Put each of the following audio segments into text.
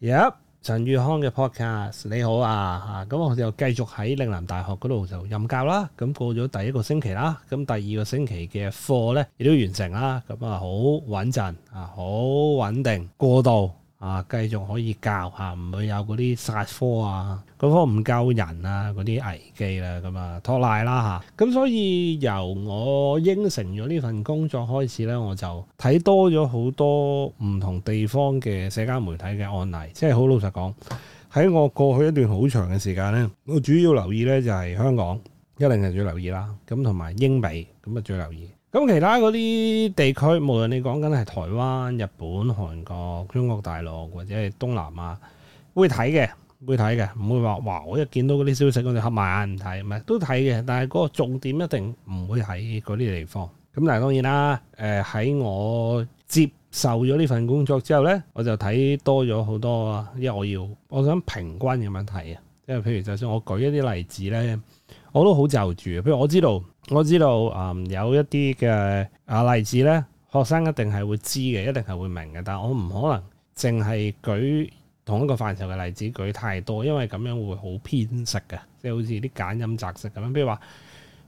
若、yep, 陳宇康嘅 podcast，你好啊，嚇、啊、咁、嗯、我哋又繼續喺嶺南大學嗰度就任教啦。咁、嗯、過咗第一個星期啦，咁、嗯、第二個星期嘅課咧亦都完成啦。咁、嗯、啊，好穩陣啊，好穩定過渡。啊，繼續可以教嚇，唔會有嗰啲殺科啊，嗰科唔夠人啊，嗰啲危機啦，咁啊拖賴啦嚇。咁所以由我應承咗呢份工作開始咧，我就睇多咗好多唔同地方嘅社交媒體嘅案例。即係好老實講，喺我過去一段好長嘅時間咧，我主要留意咧就係香港，一定係要留意啦，咁同埋英美咁啊最留意。咁其他嗰啲地區，無論你講緊係台灣、日本、韓國、中國大陸或者係東南亞，會睇嘅，會睇嘅，唔會話哇！我一見到嗰啲消息，我就合埋眼唔睇，唔係都睇嘅。但係嗰個重點一定唔會喺嗰啲地方。咁但係當然啦，誒喺我接受咗呢份工作之後呢，我就睇多咗好多，因為我要我想平均咁樣睇啊。因為譬如就算我舉一啲例子呢，我都好就住，譬如我知道。我知道，嗯，有一啲嘅啊例子咧，學生一定係會知嘅，一定係會明嘅。但係我唔可能淨係舉同一個範疇嘅例子舉太多，因為咁樣會好偏食嘅，即係好似啲揀飲擇食咁樣。譬如話，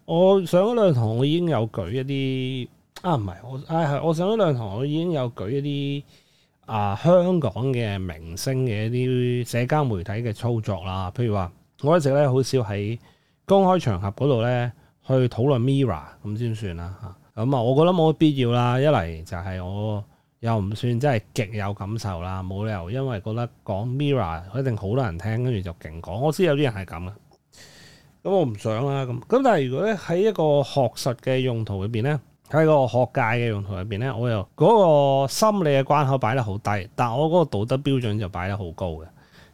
我上嗰兩堂我已經有舉一啲啊，唔係我啊係、哎、我上嗰兩堂我已經有舉一啲啊香港嘅明星嘅一啲社交媒體嘅操作啦。譬如話，我一直咧好少喺公開場合嗰度咧。去討論 Mirror 咁先算啦嚇，咁、嗯、啊我覺得冇必要啦。一嚟就係我又唔算真係極有感受啦，冇理由因為覺得講 Mirror 一定好多人聽，跟住就勁講。我知有啲人係咁嘅，咁、嗯、我唔想啊。咁咁但係如果咧喺一個學術嘅用途裏邊咧，喺個學界嘅用途裏邊咧，我又嗰個心理嘅關口擺得好低，但我嗰個道德標準就擺得好高嘅。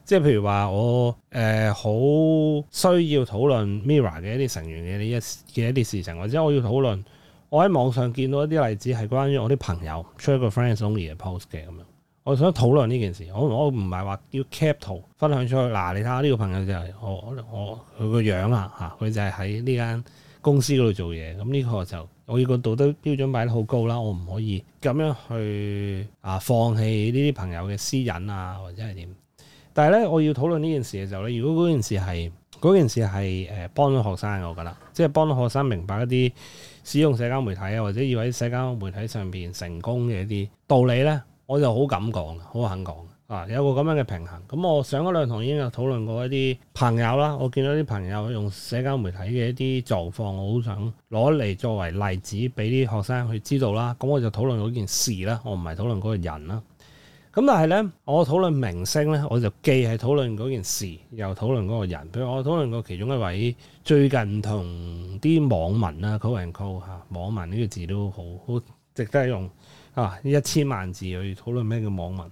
即係譬如話，我誒好需要討論 Mirror 嘅一啲成員嘅呢一嘅一啲事情，或者我要討論，我喺網上見到一啲例子係關於我啲朋友出一個 Friends Only 嘅 post 嘅咁樣，我想討論呢件事。我我唔係話要 cap 圖分享出去。嗱、啊，你睇下呢個朋友就係、是哦、我我佢個樣啊嚇，佢就係喺呢間公司嗰度做嘢。咁、嗯、呢、這個就我要個道德標準擺得好高啦，我唔可以咁樣去啊放棄呢啲朋友嘅私隱啊，或者係點？但係咧，我要討論呢件事嘅時候咧，如果嗰件事係件事係誒幫咗學生，我覺得即係幫到學生明白一啲使用社交媒體啊，或者要喺社交媒體上邊成功嘅一啲道理咧，我就好敢講，好肯講啊，有個咁樣嘅平衡。咁、嗯、我上嗰兩堂已經有討論過一啲朋友啦，我見到啲朋友用社交媒體嘅一啲狀況，我好想攞嚟作為例子俾啲學生去知道啦。咁、嗯、我就討論嗰件事啦，我唔係討論嗰個人啦。咁但係咧，我討論明星咧，我就既係討論嗰件事，又討論嗰個人。譬如我討論過其中一位，最近同啲網民啊 call and call 嚇，網民呢個字都好好值得用啊！一千萬字去討論咩叫網民，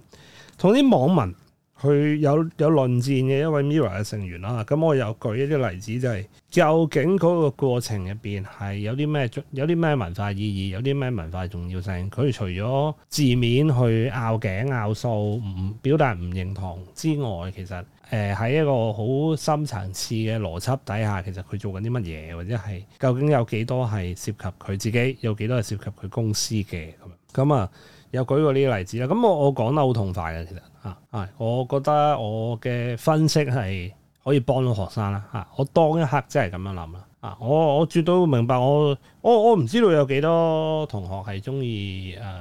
同啲網民。佢有有論戰嘅一位 Mirror 嘅成員啦，咁我又舉一啲例子、就是，就係究竟嗰個過程入邊係有啲咩有啲咩文化意義，有啲咩文化重要性？佢除咗字面去拗頸拗數，唔表達唔認同之外，其實誒喺、呃、一個好深層次嘅邏輯底下，其實佢做緊啲乜嘢，或者係究竟有幾多係涉及佢自己，有幾多係涉及佢公司嘅咁咁啊？有舉過呢啲例子啦，咁我我講得好痛快嘅，其實。啊！我覺得我嘅分析係可以幫到學生啦。嚇、啊，我當一刻真係咁樣諗啦。啊，我我絕對會明白，我我我唔知道有幾多同學係中意誒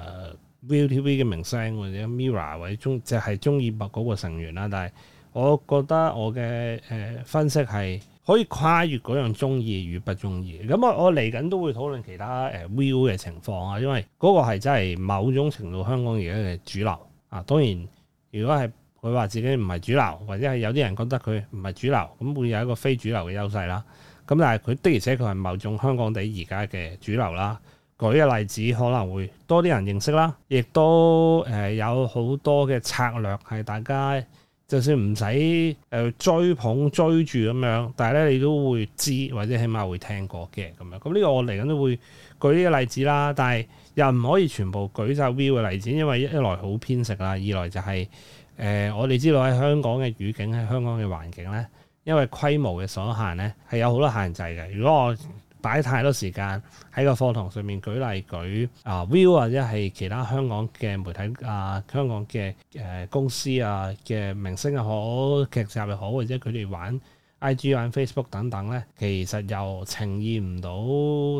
ViuTV 嘅明星或者 Mirror 或者中就係中意嗰個成員啦。但係我覺得我嘅誒、呃、分析係可以跨越嗰樣中意與不中意。咁啊，我嚟緊都會討論其他誒 Viu 嘅情況啊，因為嗰個係真係某種程度香港而家嘅主流啊。當然。如果係佢話自己唔係主流，或者係有啲人覺得佢唔係主流，咁會有一個非主流嘅優勢啦。咁但係佢的而且佢係某種香港地而家嘅主流啦。舉嘅例子可能會多啲人認識啦，亦都誒有好多嘅策略係大家就算唔使誒追捧追住咁樣，但係咧你都會知或者起碼會聽過嘅咁樣。咁、這、呢個我嚟緊都會舉呢個例子啦，但係。又唔可以全部舉晒 view 嘅例子，因為一來好偏食啦，二來就係、是、誒、呃、我哋知道喺香港嘅語境，喺香港嘅環境咧，因為規模嘅所限咧係有好多限制嘅。如果我擺太多時間喺個課堂上面舉例舉啊、uh, view 或者係其他香港嘅媒體啊，香港嘅誒、呃、公司啊嘅明星又好劇集，又好，或者佢哋玩。IG、玩 Facebook 等等咧，其實又呈現唔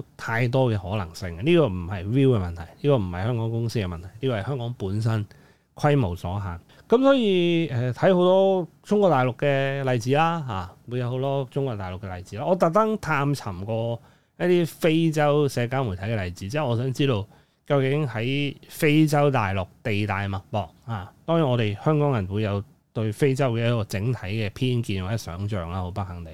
到太多嘅可能性。呢、這個唔係 view 嘅問題，呢、這個唔係香港公司嘅問題，呢、這個係香港本身規模所限。咁所以誒，睇、呃、好多中國大陸嘅例子啦，嚇、啊、會有好多中國大陸嘅例子啦。我特登探尋過一啲非洲社交媒體嘅例子，即、就、係、是、我想知道究竟喺非洲大陸地大物博啊。當然我哋香港人會有。對非洲嘅一個整體嘅偏見或者想象啦，好不幸地。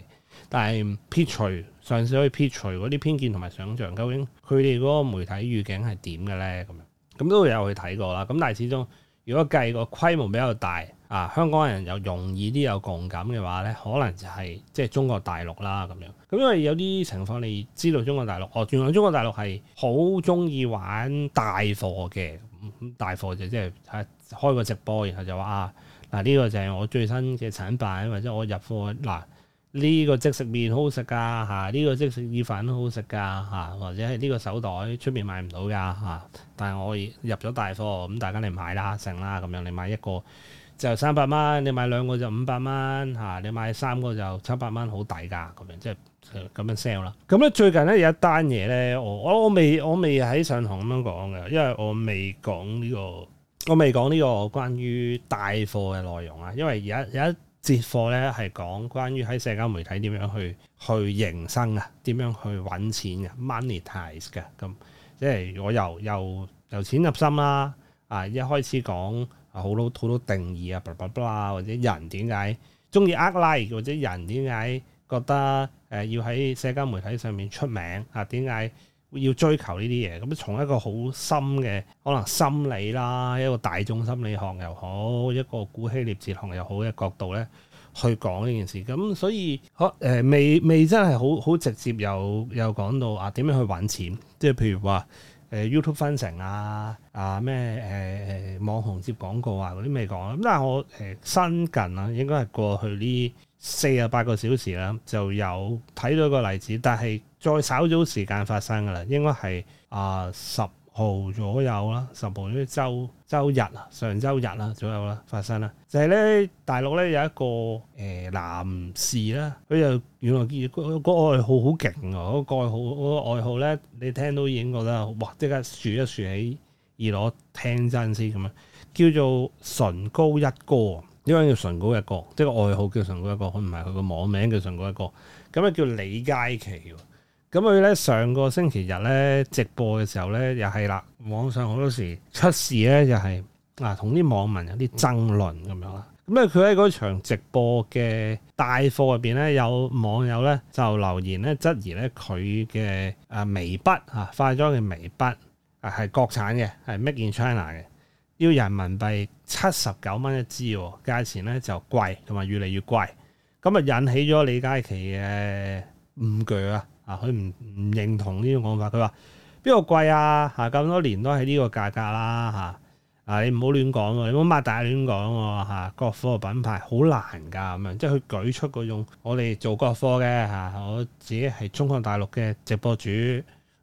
但係撇除上次可以撇除嗰啲偏見同埋想象，究竟佢哋嗰個媒體預警係點嘅咧？咁樣咁都會有去睇過啦。咁但係始終如果計個規模比較大啊，香港人又容易啲有共感嘅話咧，可能就係即係中國大陸啦咁樣。咁因為有啲情況你知道中國大陸哦，原來中國大陸係好中意玩大貨嘅，大貨就即係開個直播，然後就話啊～嗱，呢、啊這個就係我最新嘅產品，或者我入貨嗱，呢、啊這個即食麵好好食噶嚇，呢、啊這個即食意粉都好好食噶嚇、啊，或者呢個手袋出面買唔到噶嚇、啊，但係我入咗大貨，咁大家嚟買啦，成啦咁樣，你買一個就三百蚊，你買兩個就五百蚊嚇，你買三個就七百蚊，好抵噶咁樣，即係咁樣 sell 啦。咁、嗯、咧最近咧有一單嘢咧，我我我未我未喺上堂咁樣講嘅，因為我未講呢、這個。我未講呢個關於帶貨嘅內容啊，因為而家有一節課咧係講關於喺社交媒體點樣去去營生啊，點樣去揾錢嘅 monetize 嘅咁，即係我由又由，由錢入心啦，啊一開始講啊好多好多定義啊，巴拉巴拉，或者人點解中意呃 like，或者人點解覺得誒、呃、要喺社交媒體上面出名啊，點解？要追求呢啲嘢，咁從一個好深嘅可能心理啦，一個大眾心理學又好，一個古希臘哲學又好嘅角度咧，去講呢件事。咁、嗯、所以可、呃、未未真係好好直接有有講到啊點樣去揾錢，即、就、係、是、譬如話誒、呃、YouTube 分成啊啊咩誒誒。網紅接廣告啊嗰啲未講啦，咁但係我誒、呃、新近啊，應該係過去呢四十八個小時啦，就有睇到一個例子，但係再稍早時間發生嘅啦，應該係啊十號左右啦，十號於週周日啊，上周日啦左右啦發生啦，就係、是、咧大陸咧有一個誒、呃、男士啦，佢就原來見嗰個愛好好勁喎，嗰、那個愛好嗰、那個愛好咧，你聽到已經覺得哇即刻豎一豎起。而攞聽真先咁樣，叫做唇膏一哥呢，因叫唇膏一哥，即係個外號叫唇膏一哥，佢唔係佢個網名叫唇膏一哥。咁啊叫李佳琦喎，咁佢咧上個星期日咧直播嘅時候咧，又係啦，網上好多時出事咧，又係啊，同啲網民有啲爭論咁樣啦。咁咧佢喺嗰場直播嘅帶貨入邊咧，有網友咧就留言咧質疑咧佢嘅啊眉筆啊化妝嘅眉筆。啊啊，係國產嘅，係 Made in China 嘅，要人民幣七十九蚊一支喎，價錢咧就貴，同埋越嚟越貴，咁啊引起咗李佳琦嘅誤舉啊，啊！啊，佢唔唔認同呢種講法，佢話邊個貴啊？嚇，咁多年都喺呢個價格啦嚇！啊，你唔好亂講喎，你唔好擘大亂講喎嚇！國貨嘅品牌好難噶咁樣，即係佢舉出嗰種我哋做國貨嘅嚇，我自己係中國大陸嘅直播主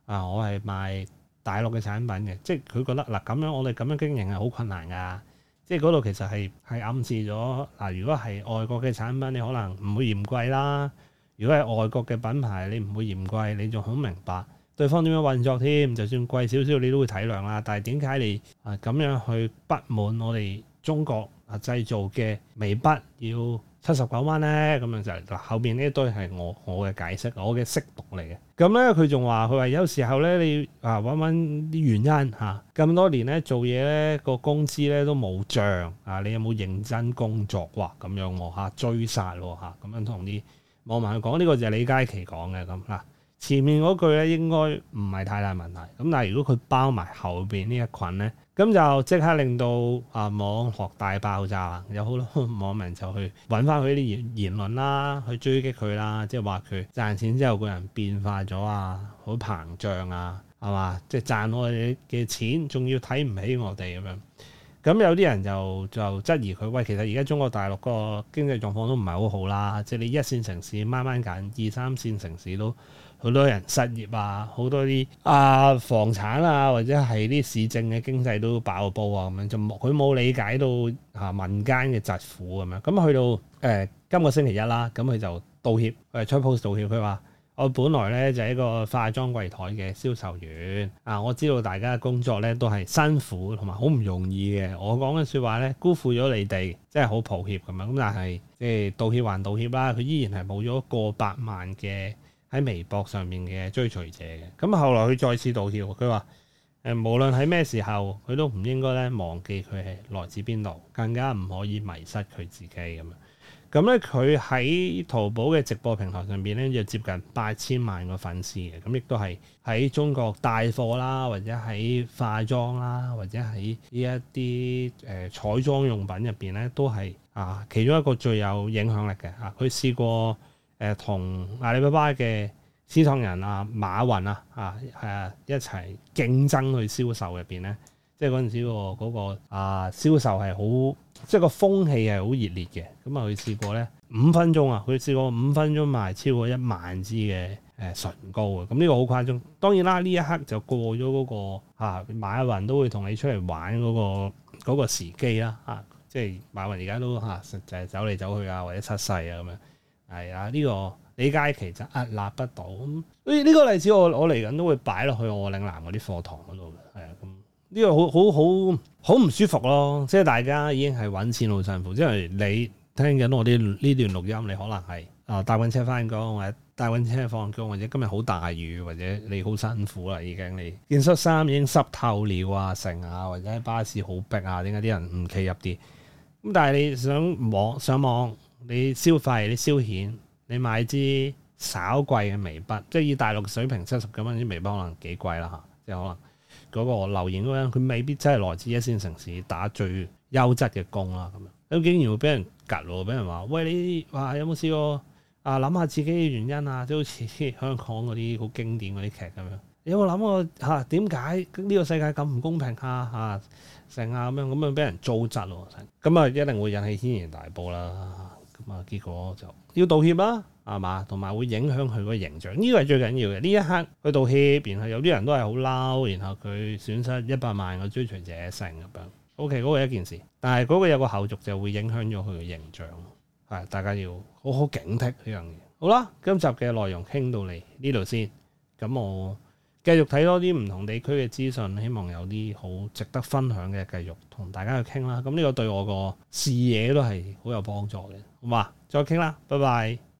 啊，我係賣。大陸嘅產品嘅，即係佢覺得嗱咁樣我哋咁樣經營係好困難㗎，即係嗰度其實係係暗示咗嗱，如果係外國嘅產品，你可能唔會嫌貴啦；如果係外國嘅品牌，你唔會嫌貴，你仲好明白對方點樣運作添。就算貴少少你都會體諒啦。但係點解你啊咁樣去不滿我哋中國啊製造嘅眉筆要？七十九蚊咧，咁樣就嗱、是、後邊呢一堆係我我嘅解釋，我嘅識讀嚟嘅。咁咧佢仲話佢話有時候咧你啊揾揾啲原因嚇，咁、啊、多年咧做嘢咧個工資咧都冇漲啊，你有冇認真工作喎？咁、啊、樣喎嚇、啊、追殺喎嚇，咁、啊、樣同啲網民去講呢個就係李佳琦講嘅咁嗱。前面嗰句咧應該唔係太大問題，咁、啊、但係如果佢包埋後邊呢一群咧。咁就即刻令到啊網絡大爆炸，有好多網民就去揾翻佢啲言言論啦，去追擊佢啦，即係話佢賺錢之後個人變化咗啊，好膨脹啊，係嘛？即係賺我哋嘅錢，仲要睇唔起我哋咁樣。咁有啲人就就質疑佢，喂，其實而家中國大陸個經濟狀況都唔係好好啦，即係你一線城市慢慢緊，二三線城市都。好多人失業啊，好多啲啊房產啊，或者係啲市政嘅經濟都爆煲啊咁樣，就冇佢冇理解到嚇民間嘅疾苦咁、啊、樣。咁、嗯、去到誒、呃、今個星期一啦、啊，咁、嗯、佢就道歉，誒、啊、出 post 道歉，佢話我本來咧就係、是、一個化妝櫃枱嘅銷售員啊，我知道大家嘅工作咧都係辛苦同埋好唔容易嘅，我講嘅説話咧辜負咗你哋，真係好抱歉咁樣。咁但係即係道歉還道歉啦，佢依然係冇咗過百萬嘅。喺微博上面嘅追隨者嘅，咁後來佢再次道歉，佢話誒無論喺咩時候，佢都唔應該咧忘記佢係來自邊度，更加唔可以迷失佢自己咁啊。咁咧佢喺淘寶嘅直播平台上邊咧，就接近八千萬個粉絲嘅，咁亦都係喺中國帶貨啦，或者喺化妝啦，或者喺呢一啲誒、呃、彩妝用品入邊咧，都係啊其中一個最有影響力嘅啊。佢試過。誒同、呃、阿里巴巴嘅創始人啊馬雲啊啊誒、啊、一齊競爭去銷售入邊咧，即係嗰陣時、那個嗰個啊銷售係好，即係個風氣係好熱烈嘅。咁、嗯、啊，佢試過咧五分鐘啊，佢試過五分鐘賣超過一萬支嘅誒唇膏啊。咁、嗯、呢、嗯這個好誇張。當然啦，呢一刻就過咗嗰、那個啊馬雲都會同你出嚟玩嗰、那個嗰、那個時機啦、啊。啊，即係馬雲而家都啊就係、是、走嚟走去啊，或者出世啊咁樣。係啊，呢、這個李佳琦就屹立不倒。咁，所以呢個例子我我嚟緊都會擺落去我嶺南嗰啲課堂嗰度嘅，啊，咁、這、呢個好好好好唔舒服咯，即係大家已經係揾錢好辛苦，即係你聽緊我啲呢段錄音，你可能係啊搭緊車翻工或者搭緊車放工，或者今日好大雨或者你好辛苦啦已經你，你件恤衫已經濕透了啊剩啊，或者喺巴士好逼啊，點解啲人唔企入啲？咁但係你想網上網？你消費、你消遣、你買支稍貴嘅眉筆，即係以大陸水平七十九蚊啲眉筆可能幾貴啦嚇，即係可能嗰個留言嗰樣，佢未必真係來自一線城市打最優質嘅工啦咁樣。咁竟然會俾人㓤囉，俾人話：喂，你，話有冇試過？啊諗下自己嘅原因啊，即好似香港嗰啲好經典嗰啲劇咁樣。你有冇諗過嚇？點解呢個世界咁唔公平啊？嚇、啊、成啊咁樣，咁樣俾人糟質囉咁啊，一定會引起軒然大波啦。啊咁啊，結果就要道歉啦，係嘛？同埋會影響佢個形象，呢個係最緊要嘅。呢一刻佢道歉，然後有啲人都係好嬲，然後佢損失一百萬嘅追隨者成咁樣。OK，嗰個係一件事，但係嗰個有個後續就會影響咗佢嘅形象，係大家要好好警惕呢樣嘢。好啦，今集嘅內容傾到嚟呢度先，咁我。繼續睇多啲唔同地區嘅資訊，希望有啲好值得分享嘅，繼續同大家去傾啦。咁呢個對我個視野都係好有幫助嘅。好嘛，再傾喇，拜拜。